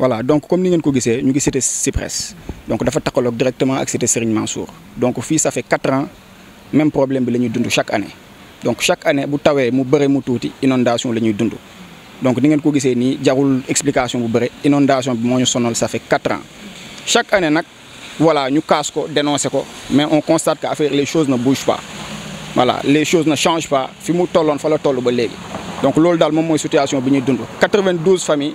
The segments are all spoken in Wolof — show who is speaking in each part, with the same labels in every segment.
Speaker 1: voilà donc comme ni ngeen ko nous ñu ngi cité Cyprès donc dafa directement avec cité Serigne Mansour donc ça fait 4 ans même problème bi la dund chaque année donc chaque année bu avons mu bëre mu touti inondation lañuy dund donc ni ngeen ko gisee ni jarul explication bu bëre inondation bi ça fait 4 ans chaque année nous voilà ñu casse ko dénoncé ko mais on constate que affaire les choses ne bougent pas voilà les choses ne changent pas fi mu tollone fa la tollu ba légui donc lool dal mom moy situation bi ñuy dund 92 familles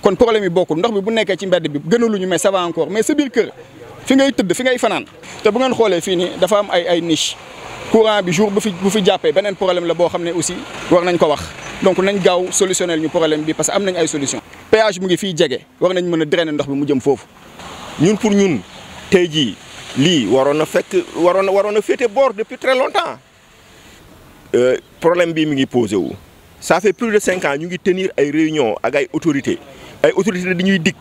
Speaker 1: kon problème yi bokul ndox bi bu nekké ci mbedd bi ñu mais ça va encore mais c'est biir kër fi ngay tëdd fi ngay fanan té bu ngeen xolé fii nii dafa am ay ay niche courant bi jour bu fi bu fi problème la bo xamné aussi war nañ ko wax donc nañ gaaw solutionnel ñu problème bi parce que am nañ ay solution péage mu ngi fi jege war nañ mëna drainer ndox bi mu jëm fofu ñun pour ñun tay ji li warona fekk warona warona fété bord depuis très longtemps
Speaker 2: euh, problème bi mi ngi posé wu ça fait plus de cinq ans ñu ngi tenir ay réunion ak ay autorités ay autorités dañuy dig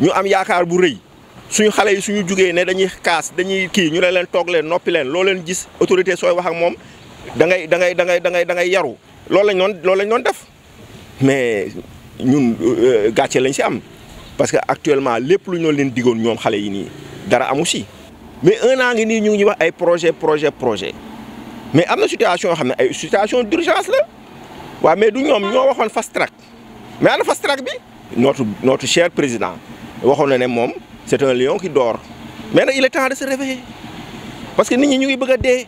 Speaker 2: ñu am yaakar bu reuy suñu xalé yi suñu jugee né dañuy kaas dañuy ki ñu ne leen toog leen noppi leen lo leen gis autorité soy wax ak mom da ngay da ngay da ngay da ngay da ngay yaru loolu lañ non loolu lañ non def mais ñun euh, gatché lañ ci am parce que actuellement lepp lu ñu leen digoon ñom xalé yi ni dara am aussi mais un an ngi nii ñu ngi wax ay projet projet projet mais am na situation xamné ay situation d'urgence la wa mais du ñom ñoo waxoon fast track mais ana fast track bi notre, cher président, c'est un lion qui dort. Maintenant, il est temps de se réveiller. Parce que nous, nous,